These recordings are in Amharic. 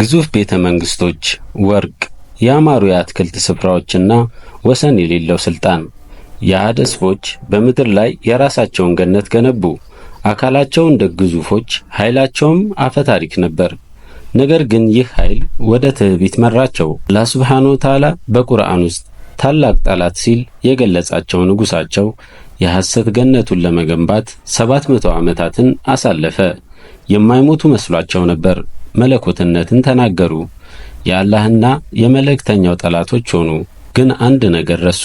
ግዙፍ ቤተ መንግስቶች፣ ወርቅ፣ ያማሩ የአትክልት ስፍራዎችና ወሰን የሌለው ስልጣን። የአሐደ ስቦች በምድር ላይ የራሳቸውን ገነት ገነቡ። አካላቸው እንደ ግዙፎች፣ ኃይላቸውም አፈታሪክ ነበር። ነገር ግን ይህ ኃይል ወደ ትዕቢት መራቸው። አላህ ሱብሓነሁ ወተዓላ በቁርአን ውስጥ ታላቅ ጠላት ሲል የገለጻቸው ንጉሳቸው የሐሰት ገነቱን ለመገንባት ሰባት መቶ ዓመታትን አሳለፈ። የማይሞቱ መስሏቸው ነበር። መለኮትነትን ተናገሩ። የአላህና የመልእክተኛው ጠላቶች ሆኑ። ግን አንድ ነገር ረሱ።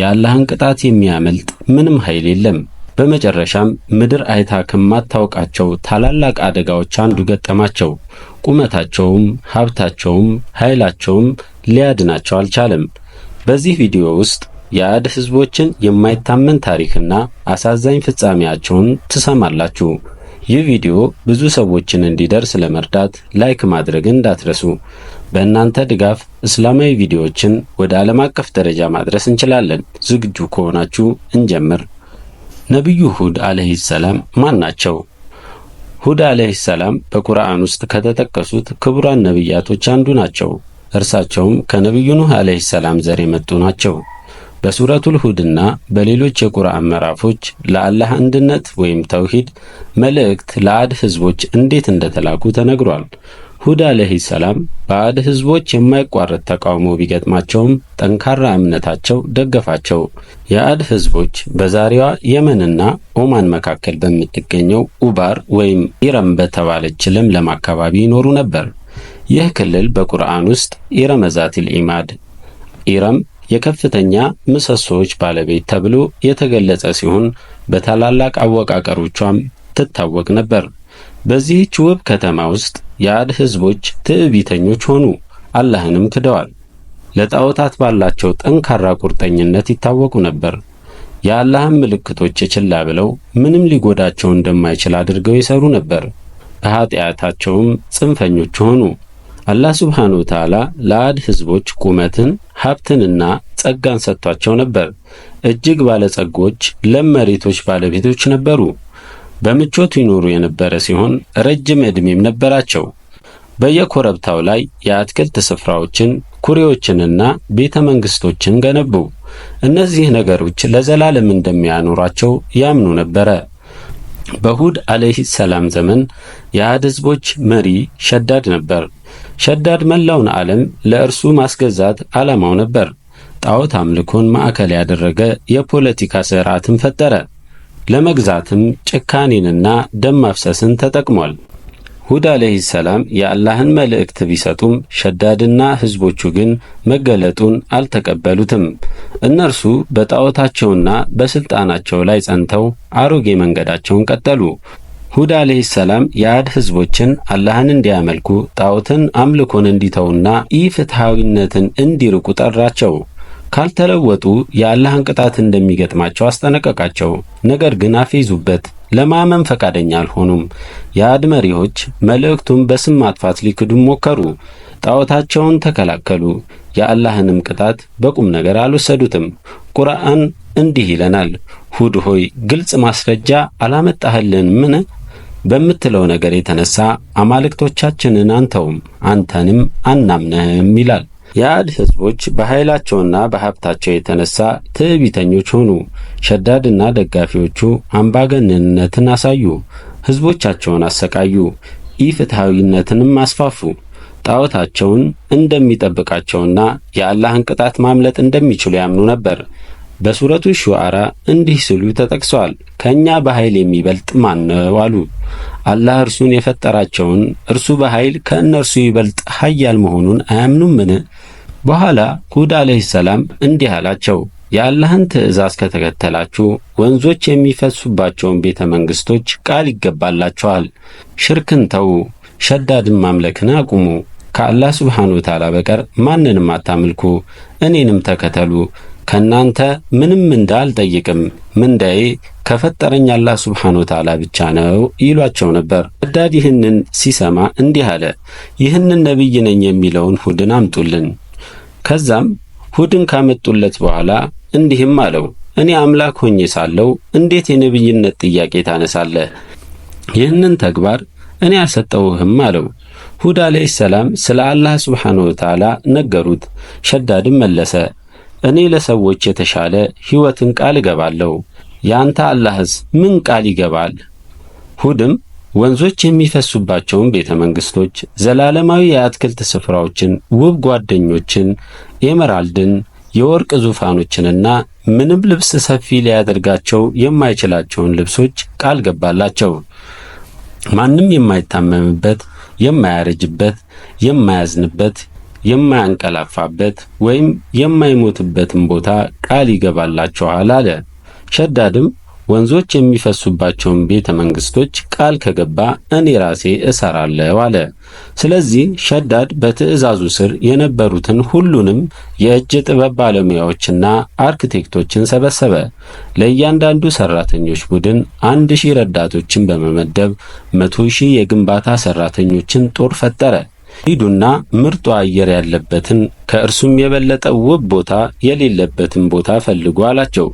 የአላህን ቅጣት የሚያመልጥ ምንም ኃይል የለም። በመጨረሻም ምድር አይታ ከማታውቃቸው ታላላቅ አደጋዎች አንዱ ገጠማቸው። ቁመታቸውም ሀብታቸውም ኃይላቸውም ሊያድናቸው አልቻለም። በዚህ ቪዲዮ ውስጥ የአድ ህዝቦችን የማይታመን ታሪክና አሳዛኝ ፍጻሜያቸውን ትሰማላችሁ። ይህ ቪዲዮ ብዙ ሰዎችን እንዲደርስ ለመርዳት ላይክ ማድረግ እንዳትረሱ። በእናንተ ድጋፍ እስላማዊ ቪዲዮዎችን ወደ ዓለም አቀፍ ደረጃ ማድረስ እንችላለን። ዝግጁ ከሆናችሁ እንጀምር። ነቢዩ ሁድ አለህ ሰላም ማን ናቸው? ሁድ አለህ ሰላም በቁርአን ውስጥ ከተጠቀሱት ክቡራን ነቢያቶች አንዱ ናቸው። እርሳቸውም ከነቢዩ ኑህ አለህ ሰላም ዘር የመጡ ናቸው። በሱረቱል ሁድና በሌሎች የቁርአን ምዕራፎች ለአላህ አንድነት ወይም ተውሂድ መልእክት ለአድ ህዝቦች እንዴት እንደተላኩ ተነግሯል። ሁድ አለህ ሰላም በአድ ህዝቦች የማይቋረጥ ተቃውሞ ቢገጥማቸውም ጠንካራ እምነታቸው ደገፋቸው። የአድ ህዝቦች በዛሬዋ የመንና ኦማን መካከል በምትገኘው ኡባር ወይም ኢረም በተባለች ለምለም አካባቢ ይኖሩ ነበር። ይህ ክልል በቁርአን ውስጥ ኢረመዛቲል ኢማድ ኢረም የከፍተኛ ምሰሶዎች ባለቤት ተብሎ የተገለጸ ሲሆን በታላላቅ አወቃቀሮቿም ትታወቅ ነበር። በዚህች ውብ ከተማ ውስጥ የአድ ህዝቦች ትዕቢተኞች ሆኑ፣ አላህንም ክደዋል። ለጣዖታት ባላቸው ጠንካራ ቁርጠኝነት ይታወቁ ነበር። የአላህን ምልክቶች ችላ ብለው ምንም ሊጎዳቸው እንደማይችል አድርገው ይሰሩ ነበር። በኃጢአታቸውም ጽንፈኞች ሆኑ። አላህ ስብሓነ ወተዓላ ለአድ ሕዝቦች ቁመትን ሀብትንና ጸጋን ሰጥቷቸው ነበር። እጅግ ባለጸጎች ለም መሬቶች ባለቤቶች ነበሩ። በምቾት ይኖሩ የነበረ ሲሆን ረጅም ዕድሜም ነበራቸው። በየኮረብታው ላይ የአትክልት ስፍራዎችን፣ ኩሬዎችንና ቤተ መንግሥቶችን ገነቡ። እነዚህ ነገሮች ለዘላለም እንደሚያኖራቸው ያምኑ ነበረ። በሁድ አለይሂ ሰላም ዘመን የአድ ሕዝቦች መሪ ሸዳድ ነበር። ሸዳድ መላውን ዓለም ለእርሱ ማስገዛት ዓላማው ነበር። ጣዖት አምልኮን ማዕከል ያደረገ የፖለቲካ ስርዓትን ፈጠረ። ለመግዛትም ጭካኔንና ደም ማፍሰስን ተጠቅሟል። ሁድ ዓለይሂ ሰላም የአላህን መልእክት ቢሰጡም ሸዳድና ሕዝቦቹ ግን መገለጡን አልተቀበሉትም። እነርሱ በጣዖታቸውና በሥልጣናቸው ላይ ጸንተው አሮጌ መንገዳቸውን ቀጠሉ። ሁድ አለይሂ ሰላም የአድ ህዝቦችን አላህን እንዲያመልኩ ጣዖትን አምልኮን እንዲተውና ኢፍትሐዊነትን እንዲርቁ ጠራቸው። ካልተለወጡ የአላህን ቅጣት እንደሚገጥማቸው አስጠነቀቃቸው። ነገር ግን አፌዙበት፣ ለማመን ፈቃደኛ አልሆኑም። የአድ መሪዎች መልእክቱን በስም ማጥፋት ሊክዱ ሞከሩ። ጣዖታቸውን ተከላከሉ። የአላህንም ቅጣት በቁም ነገር አልወሰዱትም። ቁርአን እንዲህ ይለናል፣ ሁድ ሆይ ግልጽ ማስረጃ ምን በምትለው ነገር የተነሳ አማልክቶቻችንን አንተውም አንተንም አናምነህም ይላል። የአድ ህዝቦች በኃይላቸውና በሀብታቸው የተነሳ ትዕቢተኞች ሆኑ። ሸዳድና ደጋፊዎቹ አምባገነንነትን አሳዩ። ሕዝቦቻቸውን አሰቃዩ፣ ኢፍትሐዊነትንም አስፋፉ። ጣዖታቸውን እንደሚጠብቃቸውና የአላህን ቅጣት ማምለጥ እንደሚችሉ ያምኑ ነበር። በሱረቱ ሹዓራ እንዲህ ሲሉ ተጠቅሰዋል። ከእኛ በኃይል የሚበልጥ ማን ነው አሉ። አላህ እርሱን የፈጠራቸውን እርሱ በኃይል ከእነርሱ ይበልጥ ኃያል መሆኑን አያምኑምን? በኋላ ሁድ ዓለይሂ ሰላም እንዲህ አላቸው። የአላህን ትእዛዝ ከተከተላችሁ ወንዞች የሚፈሱባቸውን ቤተ መንግሥቶች ቃል ይገባላችኋል። ሽርክን ተዉ፣ ሸዳድን ማምለክን አቁሙ። ከአላህ ስብሓነ ወተዓላ በቀር ማንንም አታምልኩ፣ እኔንም ተከተሉ ከእናንተ ምንም ምንዳ አልጠይቅም፣ ምንዳዬ ከፈጠረኝ አላህ ሱብሓነ ወተዓላ ብቻ ነው ይሏቸው ነበር። ወዳድ ይህንን ሲሰማ እንዲህ አለ፣ ይህንን ነቢይ ነኝ የሚለውን ሁድን አምጡልን። ከዛም ሁድን ካመጡለት በኋላ እንዲህም አለው፣ እኔ አምላክ ሆኜ ሳለው እንዴት የነቢይነት ጥያቄ ታነሳለህ? ይህንን ተግባር እኔ አልሰጠውህም አለው። ሁድ ዓለይሂ ሰላም ስለ አላህ ሱብሓነ ወተዓላ ነገሩት። ሸዳድም መለሰ እኔ ለሰዎች የተሻለ ሕይወትን ቃል እገባለሁ፣ ያንተ አላህስ ምን ቃል ይገባል? ሁድም ወንዞች የሚፈሱባቸውን ቤተ መንግሥቶች፣ ዘላለማዊ የአትክልት ስፍራዎችን፣ ውብ ጓደኞችን፣ ኤመራልድን፣ የወርቅ ዙፋኖችንና ምንም ልብስ ሰፊ ሊያደርጋቸው የማይችላቸውን ልብሶች ቃል ገባላቸው። ማንም የማይታመምበት፣ የማያረጅበት፣ የማያዝንበት የማያንቀላፋበት ወይም የማይሞትበትን ቦታ ቃል ይገባላችኋል አለ። ሸዳድም ወንዞች የሚፈሱባቸውን ቤተ መንግስቶች ቃል ከገባ እኔ ራሴ እሰራለሁ አለ። ስለዚህ ሸዳድ በትዕዛዙ ስር የነበሩትን ሁሉንም የእጅ ጥበብ ባለሙያዎችና አርክቴክቶችን ሰበሰበ። ለእያንዳንዱ ሰራተኞች ቡድን አንድ ሺህ ረዳቶችን በመመደብ መቶ ሺህ የግንባታ ሰራተኞችን ጦር ፈጠረ። ሂዱና ምርጡ አየር ያለበትን ከእርሱም የበለጠ ውብ ቦታ የሌለበትን ቦታ ፈልጉ አላቸው።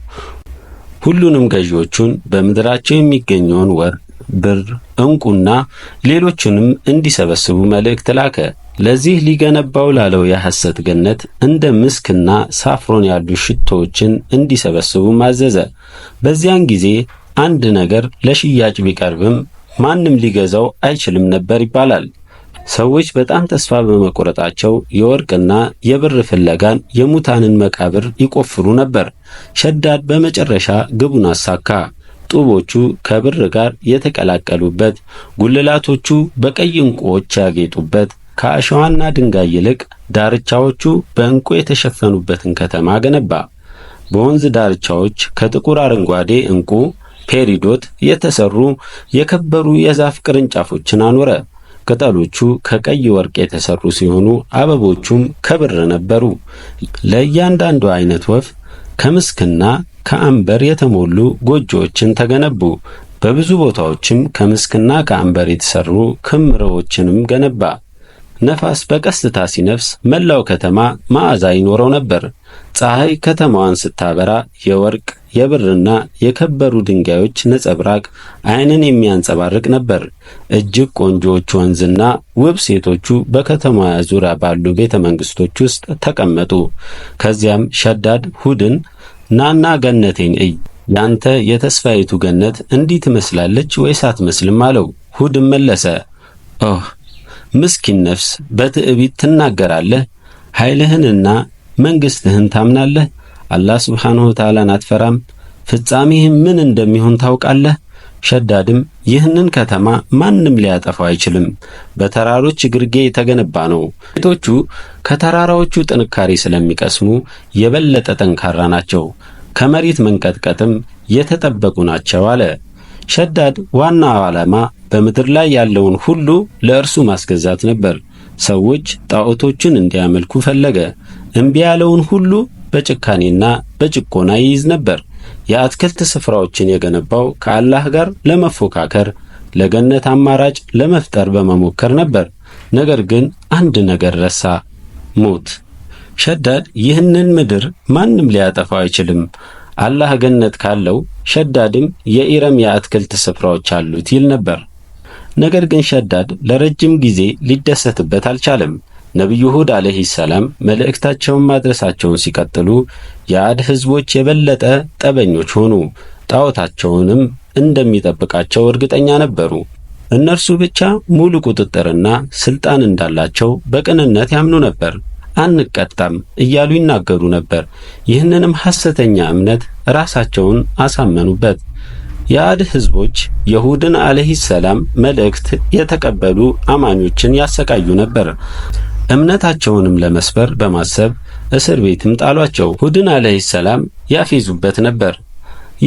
ሁሉንም ገዢዎቹን በምድራቸው የሚገኘውን ወርቅ፣ ብር፣ እንቁና ሌሎቹንም እንዲሰበስቡ መልእክት ላከ። ለዚህ ሊገነባው ላለው የሐሰት ገነት እንደ ምስክና ሳፍሮን ያሉ ሽቶዎችን እንዲሰበስቡ ማዘዘ። በዚያን ጊዜ አንድ ነገር ለሽያጭ ቢቀርብም ማንም ሊገዛው አይችልም ነበር ይባላል። ሰዎች በጣም ተስፋ በመቆረጣቸው የወርቅና የብር ፍለጋን የሙታንን መቃብር ይቆፍሩ ነበር። ሸዳድ በመጨረሻ ግቡን አሳካ። ጡቦቹ ከብር ጋር የተቀላቀሉበት፣ ጉልላቶቹ በቀይ ዕንቁዎች ያጌጡበት፣ ከአሸዋና ድንጋይ ይልቅ ዳርቻዎቹ በዕንቁ የተሸፈኑበትን ከተማ ገነባ። በወንዝ ዳርቻዎች ከጥቁር አረንጓዴ ዕንቁ ፔሪዶት የተሰሩ የከበሩ የዛፍ ቅርንጫፎችን አኖረ። ቅጠሎቹ ከቀይ ወርቅ የተሰሩ ሲሆኑ አበቦቹም ከብር ነበሩ። ለእያንዳንዱ አይነት ወፍ ከምስክና ከአንበር የተሞሉ ጎጆዎችን ተገነቡ። በብዙ ቦታዎችም ከምስክና ከአንበር የተሰሩ ክምሮችንም ገነባ። ነፋስ በቀስታ ሲነፍስ መላው ከተማ መዓዛ ይኖረው ነበር። ፀሐይ ከተማዋን ስታበራ የወርቅ የብርና የከበሩ ድንጋዮች ነጸብራቅ ዓይንን የሚያንጸባርቅ ነበር። እጅግ ቆንጆዎች ወንዝና ውብ ሴቶቹ በከተማዋ ዙሪያ ባሉ ቤተ መንግስቶች ውስጥ ተቀመጡ። ከዚያም ሸዳድ ሁድን ናና ገነቴን እይ፣ ያንተ የተስፋይቱ ገነት እንዲህ ትመስላለች ወይስ አትመስልም? አለው። ሁድን መለሰ፣ ኦህ ምስኪን ነፍስ፣ በትዕቢት ትናገራለህ፣ ኃይልህንና መንግሥትህን ታምናለህ አላህ ስብሓንሁ ተዓላን አትፈራም? ፍጻሜህም ምን እንደሚሆን ታውቃለህ? ሸዳድም ይህንን ከተማ ማንም ሊያጠፋው አይችልም፣ በተራሮች ግርጌ የተገነባ ነው። ቤቶቹ ከተራራዎቹ ጥንካሬ ስለሚቀስሙ የበለጠ ጠንካራ ናቸው፣ ከመሬት መንቀጥቀጥም የተጠበቁ ናቸው አለ። ሸዳድ ዋና ዓላማ በምድር ላይ ያለውን ሁሉ ለእርሱ ማስገዛት ነበር። ሰዎች ጣዖቶችን እንዲያመልኩ ፈለገ። እምቢ ያለውን ሁሉ በጭካኔና በጭቆና ይይዝ ነበር። የአትክልት ስፍራዎችን የገነባው ከአላህ ጋር ለመፎካከር ለገነት አማራጭ ለመፍጠር በመሞከር ነበር። ነገር ግን አንድ ነገር ረሳ፣ ሞት። ሸዳድ ይህንን ምድር ማንም ሊያጠፋው አይችልም፣ አላህ ገነት ካለው ሸዳድም የኢረም የአትክልት ስፍራዎች አሉት ይል ነበር። ነገር ግን ሸዳድ ለረጅም ጊዜ ሊደሰትበት አልቻለም። ነቢዩ ሁድ ዓለይሂ ሰላም መልእክታቸውን ማድረሳቸውን ሲቀጥሉ የአድ ሕዝቦች የበለጠ ጠበኞች ሆኑ። ጣዖታቸውንም እንደሚጠብቃቸው እርግጠኛ ነበሩ። እነርሱ ብቻ ሙሉ ቁጥጥርና ስልጣን እንዳላቸው በቅንነት ያምኑ ነበር። አንቀጣም እያሉ ይናገሩ ነበር። ይህንንም ሐሰተኛ እምነት ራሳቸውን አሳመኑበት። የአድ ሕዝቦች የሁድን አለህ ሰላም መልእክት የተቀበሉ አማኞችን ያሰቃዩ ነበር። እምነታቸውንም ለመስበር በማሰብ እስር ቤትም ጣሏቸው። ሁድን አለይሂ ሰላም ያፌዙበት ነበር።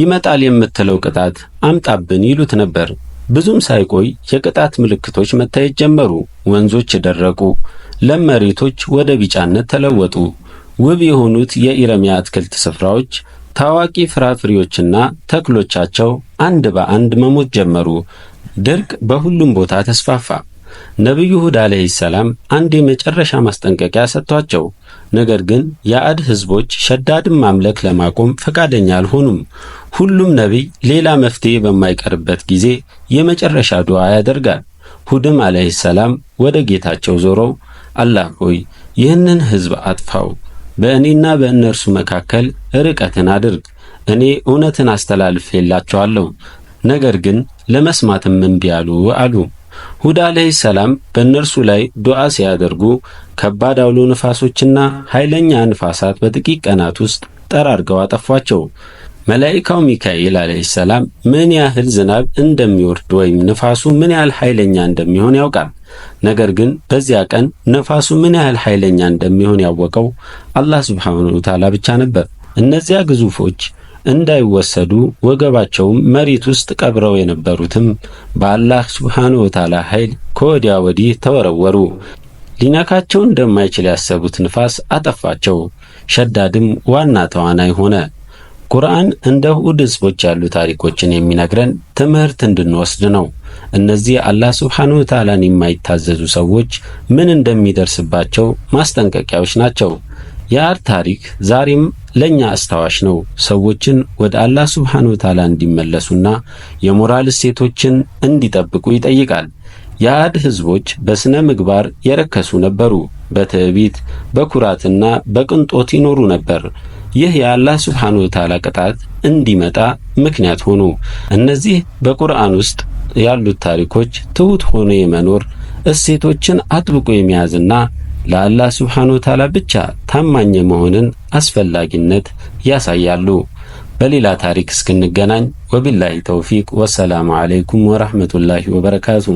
ይመጣል የምትለው ቅጣት አምጣብን ይሉት ነበር። ብዙም ሳይቆይ የቅጣት ምልክቶች መታየት ጀመሩ። ወንዞች ደረቁ፣ ለም መሬቶች ወደ ቢጫነት ተለወጡ። ውብ የሆኑት የኢረሚያ አትክልት ስፍራዎች፣ ታዋቂ ፍራፍሬዎችና ተክሎቻቸው አንድ በአንድ መሞት ጀመሩ። ድርቅ በሁሉም ቦታ ተስፋፋ። ነቢዩ ሁድ ዓለይሂ ሰላም አንድ የመጨረሻ ማስጠንቀቂያ ሰጥቷቸው፣ ነገር ግን የአድ ሕዝቦች ሸዳድን ማምለክ ለማቆም ፈቃደኛ አልሆኑም። ሁሉም ነቢይ ሌላ መፍትሄ በማይቀርበት ጊዜ የመጨረሻ ዱዓ ያደርጋል። ሁድም ዓለይሂ ሰላም ወደ ጌታቸው ዞረው አላህ ሆይ ይህንን ሕዝብ አጥፋው፣ በእኔና በእነርሱ መካከል ርቀትን አድርግ። እኔ እውነትን አስተላልፌላቸዋለሁ፣ ነገር ግን ለመስማትም እምቢ አሉ አሉ። ሁድ አለይሂ ሰላም በእነርሱ ላይ ዱዓ ሲያደርጉ ከባድ አውሎ ንፋሶችና ኃይለኛ ንፋሳት በጥቂት ቀናት ውስጥ ጠራርገው አጠፏቸው። መላኢካው ሚካኤል አለይሂ ሰላም ምን ያህል ዝናብ እንደሚወርድ ወይም ንፋሱ ምን ያህል ኃይለኛ እንደሚሆን ያውቃል። ነገር ግን በዚያ ቀን ነፋሱ ምን ያህል ኃይለኛ እንደሚሆን ያወቀው አላህ ሱብሓነሁ ወተዓላ ብቻ ነበር። እነዚያ ግዙፎች እንዳይወሰዱ ወገባቸውም መሬት ውስጥ ቀብረው የነበሩትም በአላህ ሱብሓነ ወተዓላ ኃይል ከወዲያ ወዲህ ተወረወሩ። ሊነካቸው እንደማይችል ያሰቡት ንፋስ አጠፋቸው። ሸዳድም ዋና ተዋናይ ሆነ። ቁርአን እንደ ሁድ ህዝቦች ያሉ ታሪኮችን የሚነግረን ትምህርት እንድንወስድ ነው። እነዚህ አላህ ሱብሓነሁ ወተዓላን የማይታዘዙ ሰዎች ምን እንደሚደርስባቸው ማስጠንቀቂያዎች ናቸው። የአድ ታሪክ ዛሬም ለእኛ አስታዋሽ ነው። ሰዎችን ወደ አላህ ሱብሓነ ወተዓላ እንዲመለሱና የሞራል እሴቶችን እንዲጠብቁ ይጠይቃል። የአድ ሕዝቦች በሥነ ምግባር የረከሱ ነበሩ። በትዕቢት በኩራትና በቅንጦት ይኖሩ ነበር። ይህ የአላህ ሱብሓነ ወተዓላ ቅጣት እንዲመጣ ምክንያት ሆኑ። እነዚህ በቁርአን ውስጥ ያሉት ታሪኮች ትሑት ሆኖ የመኖር እሴቶችን አጥብቆ የሚያዝና ለአላህ ስብሓን ወተዓላ ብቻ ታማኝ መሆንን አስፈላጊነት ያሳያሉ። በሌላ ታሪክ እስክንገናኝ ወቢላሂ ተውፊቅ ወሰላሙ ዓለይኩም ወረሕመቱላሂ ወበረካቱ።